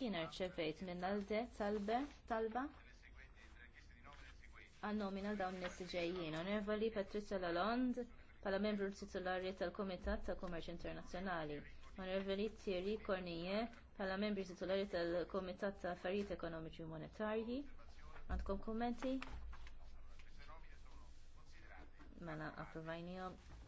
Kien rċevejt minn għalde talbe talba għal dawn nessi ġejjien. Onervali Patrizia Lalond bħala membru titolari tal-Komitat ta' Kummerċ Internazzjonali. Onervali Thierry Cornille bħala membru titolari tal-Komitat ta' Affarijiet Ekonomiċi u Monetarji. Għandkom kummenti? Mela approvajnijom